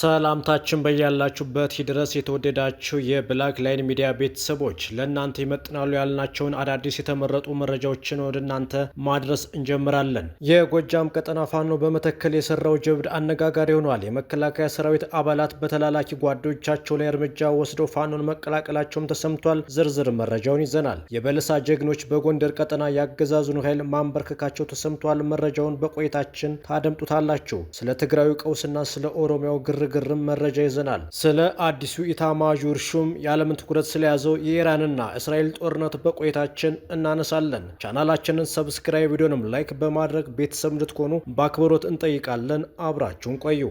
ሰላምታችን በያላችሁበት ይድረስ። የተወደዳችሁ የብላክ ላይን ሚዲያ ቤተሰቦች ለእናንተ ይመጥናሉ ያልናቸውን አዳዲስ የተመረጡ መረጃዎችን ወደ እናንተ ማድረስ እንጀምራለን። የጎጃም ቀጠና ፋኖ በመተከል የሰራው ጀብድ አነጋጋሪ ሆኗል። የመከላከያ ሰራዊት አባላት በተላላኪ ጓዶቻቸው ላይ እርምጃ ወስደው ፋኖን መቀላቀላቸውም ተሰምቷል። ዝርዝር መረጃውን ይዘናል። የበለሳ ጀግኖች በጎንደር ቀጠና ያገዛዙን ኃይል ማንበርከካቸው ተሰምቷል። መረጃውን በቆይታችን ታደምጡታላችሁ። ስለ ትግራዩ ቀውስና ስለ ኦሮሚያው ግር ግርግርም መረጃ ይዘናል። ስለ አዲሱ ኢታማዦር ሹም የዓለምን ትኩረት ስለያዘው የኢራንና እስራኤል ጦርነት በቆይታችን እናነሳለን። ቻናላችንን ሰብስክራይብ፣ ቪዲዮንም ላይክ በማድረግ ቤተሰብ እንድትሆኑ በአክብሮት እንጠይቃለን። አብራችሁን ቆዩ።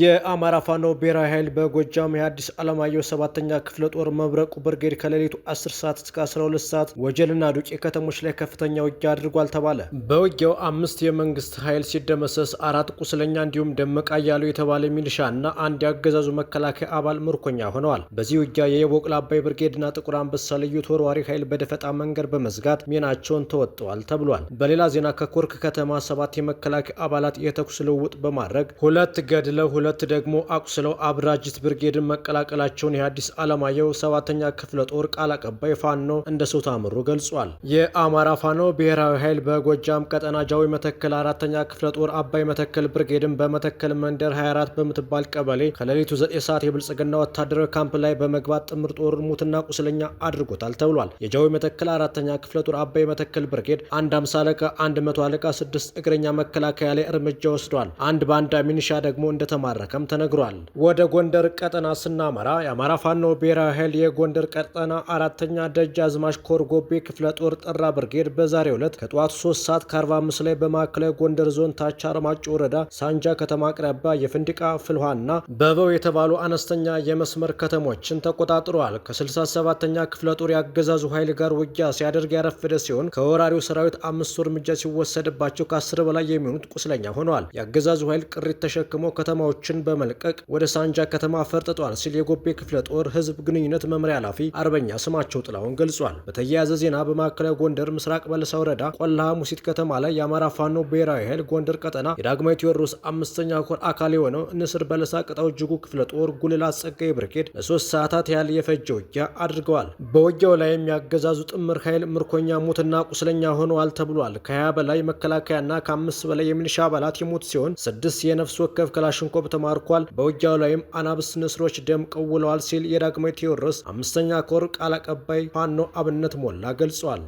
የአማራ ፋኖ ብሔራዊ ኃይል በጎጃም የአዲስ ዓለማየሁ ሰባተኛ ክፍለ ጦር መብረቁ ብርጌድ ከሌሊቱ 10 ሰዓት እስከ 12 ሰዓት ወጀልና ዱቄ ከተሞች ላይ ከፍተኛ ውጊያ አድርጓል ተባለ። በውጊያው አምስት የመንግስት ኃይል ሲደመሰስ አራት ቁስለኛ እንዲሁም ደመቃ እያሉ የተባለ ሚሊሻ እና አንድ የአገዛዙ መከላከያ አባል ምርኮኛ ሆነዋል። በዚህ ውጊያ የየቦቅል አባይ ብርጌድና ጥቁር አንበሳ ልዩ ተወርዋሪ ኃይል በደፈጣ መንገድ በመዝጋት ሚናቸውን ተወጥተዋል ተብሏል። በሌላ ዜና ከኮርክ ከተማ ሰባት የመከላከያ አባላት የተኩስ ልውውጥ በማድረግ ሁለት ገድለው ሁለት ደግሞ አቁስለው አብራጅት ብርጌድን መቀላቀላቸውን የአዲስ ዓለማየሁ ሰባተኛ ክፍለ ጦር ቃል አቀባይ ፋኖ እንደሰው ታምሩ ገልጿል። የአማራ ፋኖ ብሔራዊ ኃይል በጎጃም ቀጠና ጃዊ መተከል አራተኛ ክፍለ ጦር አባይ መተከል ብርጌድን በመተከል መንደር 24 በምትባል ቀበሌ ከሌሊቱ 9 ሰዓት የብልጽግና ወታደራዊ ካምፕ ላይ በመግባት ጥምር ጦር ሙትና ቁስለኛ አድርጎታል ተብሏል። የጃዊ መተከል አራተኛ ክፍለ ጦር አባይ መተከል ብርጌድ አንድ አምሳ አለቃ፣ አንድ መቶ አለቃ፣ ስድስት እግረኛ መከላከያ ላይ እርምጃ ወስዷል። አንድ በአንድ ሚኒሻ ደግሞ እንደተማ እንደተማረከም ተነግሯል። ወደ ጎንደር ቀጠና ስናመራ የአማራ ፋኖ ብሔራዊ ኃይል የጎንደር ቀጠና አራተኛ ደጃዝማች ኮር ጎቤ ክፍለ ጦር ጠራ ብርጌድ በዛሬው ዕለት ከጠዋቱ 3 ሰዓት ከ45 ላይ በማዕከላዊ ጎንደር ዞን ታች አርማጭ ወረዳ ሳንጃ ከተማ አቅራቢያ የፍንዲቃ ፍልሃና በበው የተባሉ አነስተኛ የመስመር ከተሞችን ተቆጣጥረዋል። ከ67ኛ ክፍለ ጦር የአገዛዙ ኃይል ጋር ውጊያ ሲያደርግ ያረፈደ ሲሆን ከወራሪው ሰራዊት አምስቱ እርምጃ ሲወሰድባቸው ከ10 በላይ የሚሆኑት ቁስለኛ ሆነዋል። የአገዛዙ ኃይል ቅሪት ተሸክሞ ከተማዎች ቦታዎችን በመልቀቅ ወደ ሳንጃ ከተማ ፈርጥጧል ሲል የጎቤ ክፍለ ጦር ህዝብ ግንኙነት መምሪያ ኃላፊ አርበኛ ስማቸው ጥላውን ገልጿል። በተያያዘ ዜና በማዕከላዊ ጎንደር ምስራቅ በለሳ ወረዳ ቆላ ሙሲት ከተማ ላይ የአማራ ፋኖ ብሔራዊ ኃይል ጎንደር ቀጠና የዳግማዊ ቴዎድሮስ አምስተኛ ኮር አካል የሆነው ንስር በለሳ ቅጣው እጅጉ ክፍለ ጦር ጉልላ ጸጋይ ብርጌድ ለሶስት ሰዓታት ያህል የፈጀ ውጊያ አድርገዋል። በውጊያው ላይ የሚያገዛዙ ጥምር ኃይል ምርኮኛ ሞትና ቁስለኛ ሆነዋል ተብሏል። ከ20 በላይ መከላከያና ከአምስት በላይ የሚሊሻ አባላት የሞት ሲሆን ስድስት የነፍስ ወከፍ ከላሽንኮቭ ተማርኳል። በውጊያው ላይም አናብስ ንስሮች ደምቀው ውለዋል ሲል የዳግማዊ ቴዎድሮስ አምስተኛ ኮር ቃል አቀባይ ፋኖ አብነት ሞላ ገልጿል።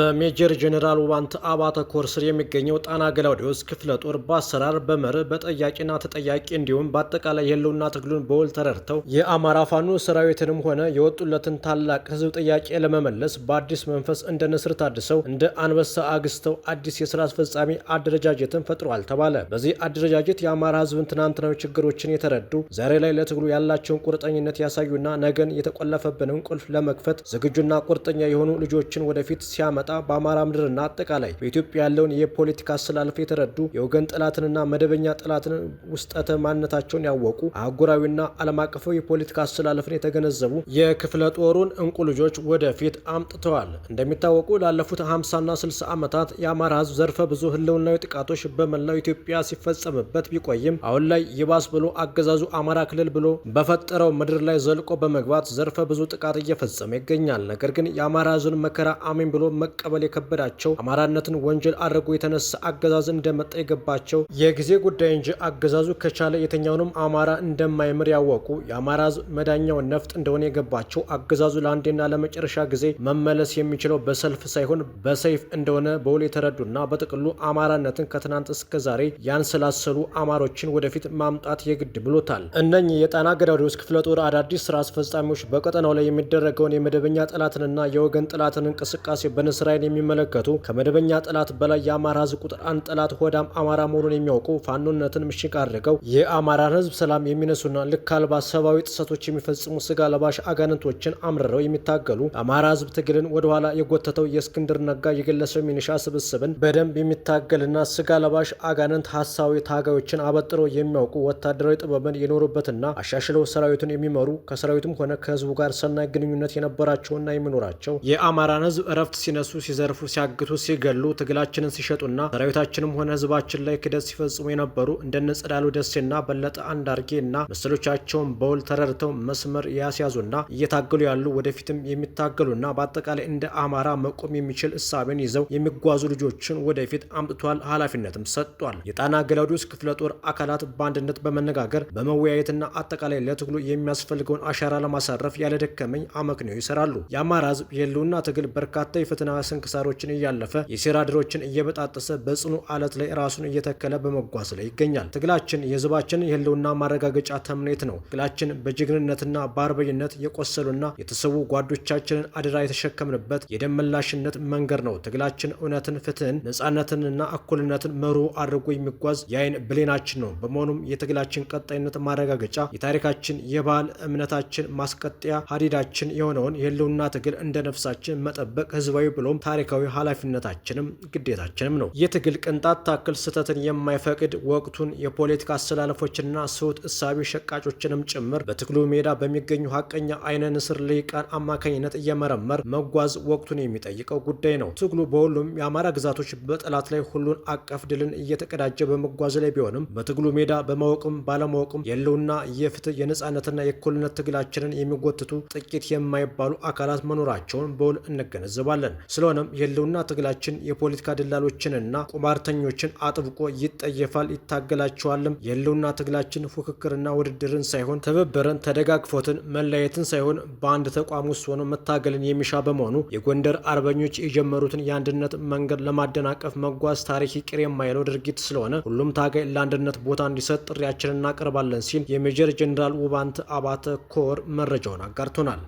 በሜጀር ጀኔራል ዋንት አባተ ኮር ስር የሚገኘው ጣና ገላውዲዮስ ክፍለ ጦር በአሰራር በመርህ በጠያቂና ተጠያቂ እንዲሁም በአጠቃላይ የህልውና ትግሉን በውል ተረድተው የአማራ ፋኖ ሰራዊትንም ሆነ የወጡለትን ታላቅ ህዝብ ጥያቄ ለመመለስ በአዲስ መንፈስ እንደ ንስር ታድሰው እንደ አንበሳ አግስተው አዲስ የስራ አስፈጻሚ አደረጃጀትን ፈጥሯል ተባለ። በዚህ አደረጃጀት የአማራ ህዝብን ትናንትናዊ ችግሮችን የተረዱ ዛሬ ላይ ለትግሉ ያላቸውን ቁርጠኝነት ያሳዩና ነገን የተቆለፈብንን ቁልፍ ለመክፈት ዝግጁና ቁርጠኛ የሆኑ ልጆችን ወደፊት ሲያመ ሲመጣ በአማራ ምድርና አጠቃላይ በኢትዮጵያ ያለውን የፖለቲካ አሰላለፍ የተረዱ የወገን ጠላትንና መደበኛ ጠላትን ውስጠተ ማንነታቸውን ያወቁ አህጉራዊና ዓለም አቀፋዊ የፖለቲካ አሰላለፍን የተገነዘቡ የክፍለ ጦሩን እንቁ ልጆች ወደፊት አምጥተዋል። እንደሚታወቁ ላለፉት 50ና 60 ዓመታት የአማራ ህዝብ ዘርፈ ብዙ ህልውናዊ ጥቃቶች በመላው ኢትዮጵያ ሲፈጸምበት ቢቆይም አሁን ላይ ይባስ ብሎ አገዛዙ አማራ ክልል ብሎ በፈጠረው ምድር ላይ ዘልቆ በመግባት ዘርፈ ብዙ ጥቃት እየፈጸመ ይገኛል። ነገር ግን የአማራ ህዝብን መከራ አሜን ብሎ መ መቀበል የከበዳቸው አማራነትን ወንጀል አድርጎ የተነሳ አገዛዝ እንደመጣ የገባቸው የጊዜ ጉዳይ እንጂ አገዛዙ ከቻለ የተኛውንም አማራ እንደማይምር ያወቁ የአማራ መዳኛውን ነፍጥ እንደሆነ የገባቸው አገዛዙ ለአንዴና ለመጨረሻ ጊዜ መመለስ የሚችለው በሰልፍ ሳይሆን በሰይፍ እንደሆነ በውል የተረዱና በጥቅሉ አማራነትን ከትናንት እስከ ዛሬ ያንሰላሰሉ አማሮችን ወደፊት ማምጣት የግድ ብሎታል። እነኚህ የጣና ገዳሪዎች ክፍለ ጦር አዳዲስ ስራ አስፈጻሚዎች በቀጠናው ላይ የሚደረገውን የመደበኛ ጠላትንና የወገን ጠላትን እንቅስቃሴ በንስ ስራዬን የሚመለከቱ ከመደበኛ ጠላት በላይ የአማራ ህዝብ ቁጥር አንድ ጠላት ሆዳም አማራ መሆኑን የሚያውቁ ፋኖነትን ምሽግ አድርገው የአማራን ህዝብ ሰላም የሚነሱና ልክ አልባ ሰብአዊ ጥሰቶች የሚፈጽሙ ስጋ ለባሽ አጋንንቶችን አምርረው የሚታገሉ አማራ ህዝብ ትግልን ወደኋላ የጎተተው የእስክንድር ነጋ የግለሰብ ሚኒሻ ስብስብን በደንብ የሚታገልና ስጋ ለባሽ አጋንንት ሀሳዊ ታጋዮችን አበጥረው የሚያውቁ ወታደራዊ ጥበብን የኖሩበትና አሻሽለው ሰራዊቱን የሚመሩ ከሰራዊቱም ሆነ ከህዝቡ ጋር ሰናይ ግንኙነት የነበራቸውና የሚኖራቸው የአማራን ህዝብ እረፍት ሲነሱ ሲደበድሱ፣ ሲዘርፉ፣ ሲያግቱ፣ ሲገሉ፣ ትግላችንን ሲሸጡና ሰራዊታችንም ሆነ ህዝባችን ላይ ክደት ሲፈጽሙ የነበሩ እንደነ ጸዳሉ ደሴና በለጠ አንዳርጌ እና መሰሎቻቸውን በውል ተረድተው መስመር ያስያዙና እየታገሉ ያሉ ወደፊትም የሚታገሉና በአጠቃላይ እንደ አማራ መቆም የሚችል እሳቤን ይዘው የሚጓዙ ልጆችን ወደፊት አምጥቷል፣ ኃላፊነትም ሰጥቷል። የጣና ገላውዲዮስ ክፍለ ጦር አካላት በአንድነት በመነጋገር በመወያየትና አጠቃላይ ለትግሉ የሚያስፈልገውን አሻራ ለማሳረፍ ያለደከመኝ አመክንዮ ይሰራሉ። የአማራ ህዝብ የህልውና ትግል በርካታ የፈተና ስንክሳሮችን እያለፈ የሴራ ድሮችን እየበጣጠሰ በጽኑ አለት ላይ ራሱን እየተከለ በመጓዝ ላይ ይገኛል። ትግላችን የህዝባችን የህልውና ማረጋገጫ ተምኔት ነው። ትግላችን በጀግንነትና በአርበኝነት የቆሰሉና የተሰዉ ጓዶቻችንን አደራ የተሸከምንበት የደመላሽነት መንገድ ነው። ትግላችን እውነትን፣ ፍትህን፣ ነጻነትንና እኩልነትን መርሁ አድርጎ የሚጓዝ የአይን ብሌናችን ነው። በመሆኑም የትግላችን ቀጣይነት ማረጋገጫ የታሪካችን የባህል እምነታችን ማስቀጠያ ሀዲዳችን የሆነውን የህልውና ትግል እንደ ነፍሳችን መጠበቅ ህዝባዊ ብሎ ሆኖም ታሪካዊ ኃላፊነታችንም ግዴታችንም ነው። የትግል ቅንጣት ታክል ስህተትን የማይፈቅድ ወቅቱን የፖለቲካ አሰላለፎችና ስውት እሳቢ ሸቃጮችንም ጭምር በትግሉ ሜዳ በሚገኙ ሀቀኛ አይነ ንስር ልሂቃን አማካኝነት እየመረመር መጓዝ ወቅቱን የሚጠይቀው ጉዳይ ነው። ትግሉ በሁሉም የአማራ ግዛቶች በጠላት ላይ ሁሉን አቀፍ ድልን እየተቀዳጀ በመጓዝ ላይ ቢሆንም በትግሉ ሜዳ በማወቅም ባለማወቅም የለውና የፍትህ የነጻነትና የእኩልነት ትግላችንን የሚጎትቱ ጥቂት የማይባሉ አካላት መኖራቸውን በውል እንገነዘባለን። ስለሆነም የህልውና ትግላችን የፖለቲካ ደላሎችንና ቁማርተኞችን አጥብቆ ይጠየፋል፣ ይታገላቸዋልም። የህልውና ትግላችን ፉክክርና ውድድርን ሳይሆን ትብብርን፣ ተደጋግፎትን፣ መለየትን ሳይሆን በአንድ ተቋም ውስጥ ሆኖ መታገልን የሚሻ በመሆኑ የጎንደር አርበኞች የጀመሩትን የአንድነት መንገድ ለማደናቀፍ መጓዝ ታሪክ ይቅር የማይለው ድርጊት ስለሆነ ሁሉም ታጋይ ለአንድነት ቦታ እንዲሰጥ ጥሪያችን እናቀርባለን ሲል የሜጀር ጀኔራል ውባንት አባተ ኮር መረጃውን አጋርቶናል።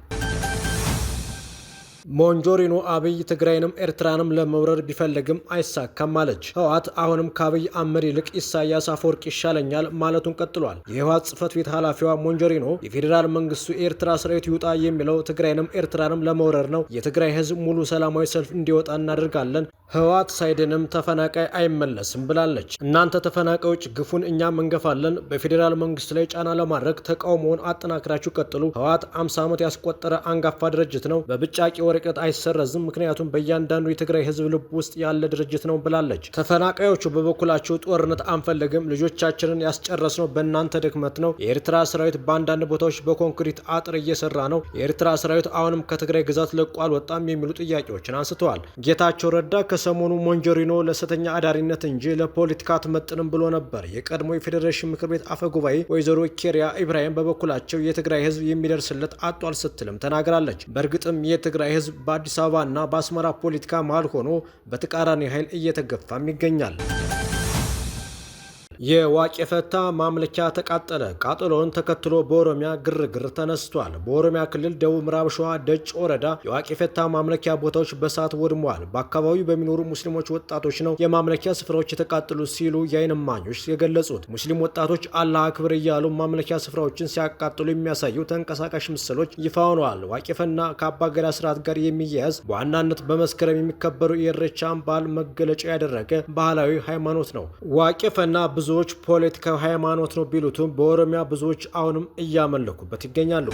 ሞንጆሪኖ አብይ ትግራይንም ኤርትራንም ለመውረር ቢፈልግም አይሳካም አለች። ህወሓት አሁንም ከአብይ አህመድ ይልቅ ኢሳያስ አፈወርቅ ይሻለኛል ማለቱን ቀጥሏል። የህወሓት ጽህፈት ቤት ኃላፊዋ ሞንጆሪኖ የፌዴራል መንግስቱ የኤርትራ ሰራዊት ይውጣ የሚለው ትግራይንም ኤርትራንም ለመውረር ነው። የትግራይ ህዝብ ሙሉ ሰላማዊ ሰልፍ እንዲወጣ እናደርጋለን። ህወሓት ሳይድንም ተፈናቃይ አይመለስም ብላለች። እናንተ ተፈናቃዮች ግፉን እኛም እንገፋለን። በፌዴራል መንግስት ላይ ጫና ለማድረግ ተቃውሞውን አጠናክራችሁ ቀጥሉ። ህወሓት 50 ዓመት ያስቆጠረ አንጋፋ ድርጅት ነው። በብጫቂ ወረቀት አይሰረዝም፣ ምክንያቱም በእያንዳንዱ የትግራይ ህዝብ ልብ ውስጥ ያለ ድርጅት ነው ብላለች። ተፈናቃዮቹ በበኩላቸው ጦርነት አንፈልግም፣ ልጆቻችንን ያስጨረስነው በእናንተ ድክመት ነው። የኤርትራ ሰራዊት በአንዳንድ ቦታዎች በኮንክሪት አጥር እየሰራ ነው። የኤርትራ ሰራዊት አሁንም ከትግራይ ግዛት ለቆ አልወጣም የሚሉ ጥያቄዎችን አንስተዋል። ጌታቸው ረዳ ከሰሞኑ ሞንጆሪኖ ለሰተኛ አዳሪነት እንጂ ለፖለቲካ አትመጥንም ብሎ ነበር። የቀድሞ የፌዴሬሽን ምክር ቤት አፈ ጉባኤ ወይዘሮ ኬሪያ ኢብራሂም በበኩላቸው የትግራይ ህዝብ የሚደርስለት አጧል ስትልም ተናግራለች። በእርግጥም የትግራይ ህዝብ ህዝብ በአዲስ አበባ እና በአስመራ ፖለቲካ መሃል ሆኖ በተቃራኒ ኃይል እየተገፋም ይገኛል። የዋቄፈታ ማምለኪያ ተቃጠለ። ቃጠሎውን ተከትሎ በኦሮሚያ ግርግር ተነስቷል። በኦሮሚያ ክልል ደቡብ ምዕራብ ሸዋ ደጭ ወረዳ የዋቄፈታ ማምለኪያ ቦታዎች በእሳት ወድመዋል። በአካባቢው በሚኖሩ ሙስሊሞች ወጣቶች ነው የማምለኪያ ስፍራዎች የተቃጠሉ ሲሉ የአይንማኞች እማኞች የገለጹት። ሙስሊም ወጣቶች አላህ አክብር እያሉ ማምለኪያ ስፍራዎችን ሲያቃጥሉ የሚያሳዩ ተንቀሳቃሽ ምስሎች ይፋ ሆነዋል። ዋቄ ከአባገዳ ስርዓት ጋር የሚያያዝ በዋናነት በመስከረም የሚከበሩ የኢሬቻን በዓል መገለጫ ያደረገ ባህላዊ ሃይማኖት ነው። ዋቄ ብዙ ብዙዎች ፖለቲካዊ ሃይማኖት ነው ቢሉትም በኦሮሚያ ብዙዎች አሁንም እያመለኩበት ይገኛሉ።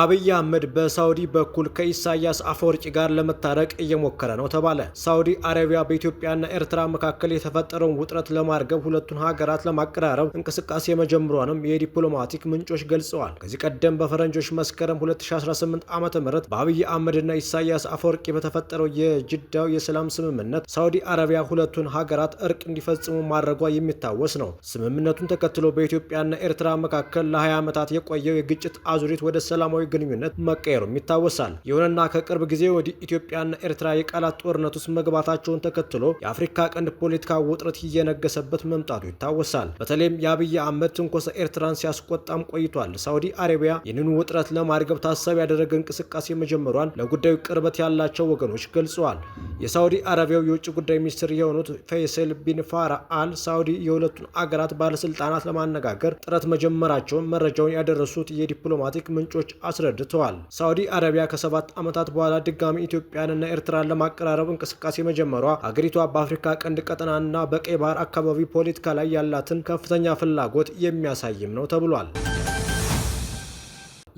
አብይ አህመድ በሳውዲ በኩል ከኢሳያስ አፈወርቂ ጋር ለመታረቅ እየሞከረ ነው ተባለ። ሳውዲ አረቢያ በኢትዮጵያና ኤርትራ መካከል የተፈጠረውን ውጥረት ለማርገብ ሁለቱን ሀገራት ለማቀራረብ እንቅስቃሴ መጀመሯንም የዲፕሎማቲክ ምንጮች ገልጸዋል። ከዚህ ቀደም በፈረንጆች መስከረም 2018 ዓ ም በአብይ አህመድና ኢሳያስ አፈወርቂ በተፈጠረው የጅዳው የሰላም ስምምነት ሳውዲ አረቢያ ሁለቱን ሀገራት እርቅ እንዲፈጽሙ ማድረጓ የሚታወስ ነው። ስምምነቱን ተከትሎ በኢትዮጵያና ኤርትራ መካከል ለ20 ዓመታት የቆየው የግጭት አዙሪት ወደ ሰላም ሰላማዊ ግንኙነት መቀየሩም ይታወሳል። ይሁንና ከቅርብ ጊዜ ወዲህ ኢትዮጵያና ኤርትራ የቃላት ጦርነት ውስጥ መግባታቸውን ተከትሎ የአፍሪካ ቀንድ ፖለቲካ ውጥረት እየነገሰበት መምጣቱ ይታወሳል። በተለይም የአብይ አህመድ ትንኮሳ ኤርትራን ሲያስቆጣም ቆይቷል። ሳዑዲ አረቢያ ይህንኑ ውጥረት ለማርገብ ታሳቢ ያደረገ እንቅስቃሴ መጀመሯን ለጉዳዩ ቅርበት ያላቸው ወገኖች ገልጸዋል። የሳዑዲ አረቢያው የውጭ ጉዳይ ሚኒስትር የሆኑት ፈይሰል ቢን ፋራ አል ሳውዲ የሁለቱን አገራት ባለስልጣናት ለማነጋገር ጥረት መጀመራቸውን መረጃውን ያደረሱት የዲፕሎማቲክ ምንጮች አስረድተዋል። ሳዑዲ አረቢያ ከሰባት ዓመታት በኋላ ድጋሚ ኢትዮጵያንና ኤርትራን ለማቀራረብ እንቅስቃሴ መጀመሯ አገሪቷ በአፍሪካ ቀንድ ቀጠናና በቀይ ባህር አካባቢ ፖለቲካ ላይ ያላትን ከፍተኛ ፍላጎት የሚያሳይም ነው ተብሏል።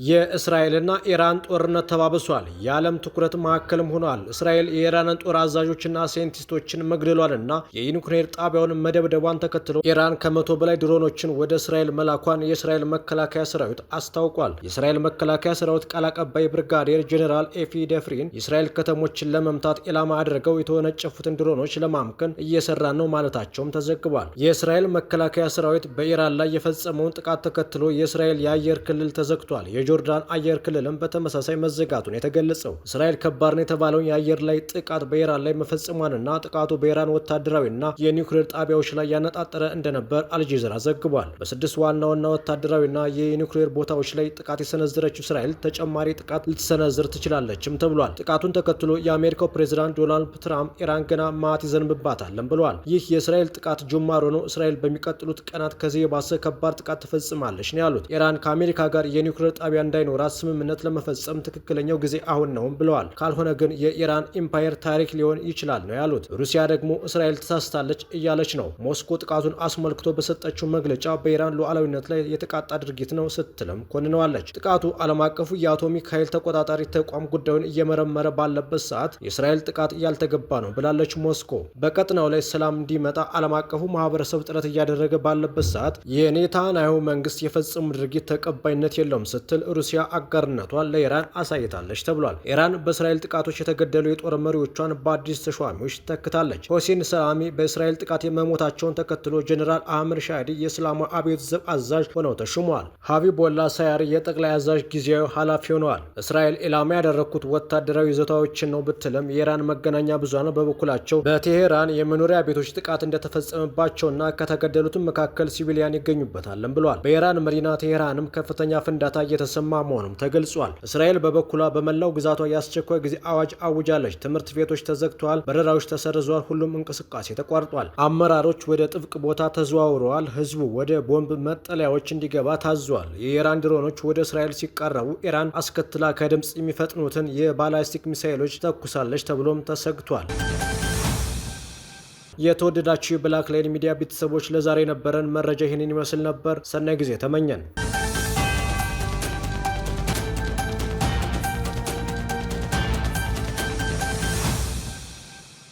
የእስራኤልና ኢራን ጦርነት ተባብሷል። የዓለም ትኩረት ማዕከልም ሆኗል። እስራኤል የኢራንን ጦር አዛዦችና ሳይንቲስቶችን መግደሏንና የኒውክሌር ጣቢያውን መደብደቧን ተከትሎ ኢራን ከመቶ በላይ ድሮኖችን ወደ እስራኤል መላኳን የእስራኤል መከላከያ ሰራዊት አስታውቋል። የእስራኤል መከላከያ ሰራዊት ቃል አቀባይ ብርጋዴር ጄኔራል ኤፊ ደፍሪን የእስራኤል ከተሞችን ለመምታት ኢላማ አድርገው የተወነጨፉትን ድሮኖች ለማምከን እየሰራ ነው ማለታቸውም ተዘግቧል። የእስራኤል መከላከያ ሰራዊት በኢራን ላይ የፈጸመውን ጥቃት ተከትሎ የእስራኤል የአየር ክልል ተዘግቷል። የጆርዳን አየር ክልልም በተመሳሳይ መዘጋቱን የተገለጸው እስራኤል ከባድ ነው የተባለውን የአየር ላይ ጥቃት በኢራን ላይ መፈጸሟንና ጥቃቱ በኢራን ወታደራዊና የኒውክሌር ጣቢያዎች ላይ ያነጣጠረ እንደነበር አልጀዚራ ዘግቧል። በስድስት ዋና ዋና ወታደራዊና የኒውክሌር ቦታዎች ላይ ጥቃት የሰነዘረችው እስራኤል ተጨማሪ ጥቃት ልትሰነዝር ትችላለችም ተብሏል። ጥቃቱን ተከትሎ የአሜሪካው ፕሬዚዳንት ዶናልድ ትራምፕ ኢራን ገና ማት ይዘንብባታለን ብለዋል። ይህ የእስራኤል ጥቃት ጅማሮ ነው። እስራኤል በሚቀጥሉት ቀናት ከዚህ የባሰ ከባድ ጥቃት ትፈጽማለች ነው ያሉት። ኢራን ከአሜሪካ ጋር የኒውክሌር ጣቢያ አረቢያ እንዳይኖራት ስምምነት ለመፈጸም ትክክለኛው ጊዜ አሁን ነውም ብለዋል። ካልሆነ ግን የኢራን ኢምፓየር ታሪክ ሊሆን ይችላል ነው ያሉት። ሩሲያ ደግሞ እስራኤል ተሳስታለች እያለች ነው። ሞስኮ ጥቃቱን አስመልክቶ በሰጠችው መግለጫ በኢራን ሉዓላዊነት ላይ የተቃጣ ድርጊት ነው ስትልም ኮንነዋለች። ጥቃቱ ዓለም አቀፉ የአቶሚክ ኃይል ተቆጣጣሪ ተቋም ጉዳዩን እየመረመረ ባለበት ሰዓት የእስራኤል ጥቃት እያልተገባ ነው ብላለች ሞስኮ። በቀጥናው ላይ ሰላም እንዲመጣ ዓለም አቀፉ ማህበረሰብ ጥረት እያደረገ ባለበት ሰዓት የኔታንያሁ መንግስት የፈጸሙ ድርጊት ተቀባይነት የለውም ስትል ሩሲያ አጋርነቷን ለኢራን አሳይታለች ተብሏል። ኢራን በእስራኤል ጥቃቶች የተገደሉ የጦር መሪዎቿን በአዲስ ተሿሚዎች ተክታለች። ሆሴን ሰላሚ በእስራኤል ጥቃት መሞታቸውን ተከትሎ ጀኔራል አህመድ ሻዲ የእስላማዊ አብዮት ዘብ አዛዥ ሆነው ተሹመዋል። ሀቢቦላ ሳያሪ የጠቅላይ አዛዥ ጊዜያዊ ኃላፊ ሆነዋል። እስራኤል ኢላማ ያደረግኩት ወታደራዊ ይዘታዎችን ነው ብትልም የኢራን መገናኛ ብዙኃን በበኩላቸው በቴሄራን የመኖሪያ ቤቶች ጥቃት እንደተፈጸመባቸውና ከተገደሉትም መካከል ሲቪሊያን ይገኙበታል ብለዋል። በኢራን መዲና ቴሄራንም ከፍተኛ ፍንዳታ እየተሰ እየተሰማ መሆኑም ተገልጿል። እስራኤል በበኩሏ በመላው ግዛቷ የአስቸኳይ ጊዜ አዋጅ አውጃለች። ትምህርት ቤቶች ተዘግተዋል፣ በረራዎች ተሰርዘዋል፣ ሁሉም እንቅስቃሴ ተቋርጧል። አመራሮች ወደ ጥብቅ ቦታ ተዘዋውረዋል። ህዝቡ ወደ ቦምብ መጠለያዎች እንዲገባ ታዟል። የኢራን ድሮኖች ወደ እስራኤል ሲቃረቡ ኢራን አስከትላ ከድምፅ የሚፈጥኑትን የባላስቲክ ሚሳይሎች ተኩሳለች ተብሎም ተሰግቷል። የተወደዳችሁ የብላክ ላይን ሚዲያ ቤተሰቦች ለዛሬ የነበረን መረጃ ይህንን ይመስል ነበር። ሰናይ ጊዜ ተመኘን።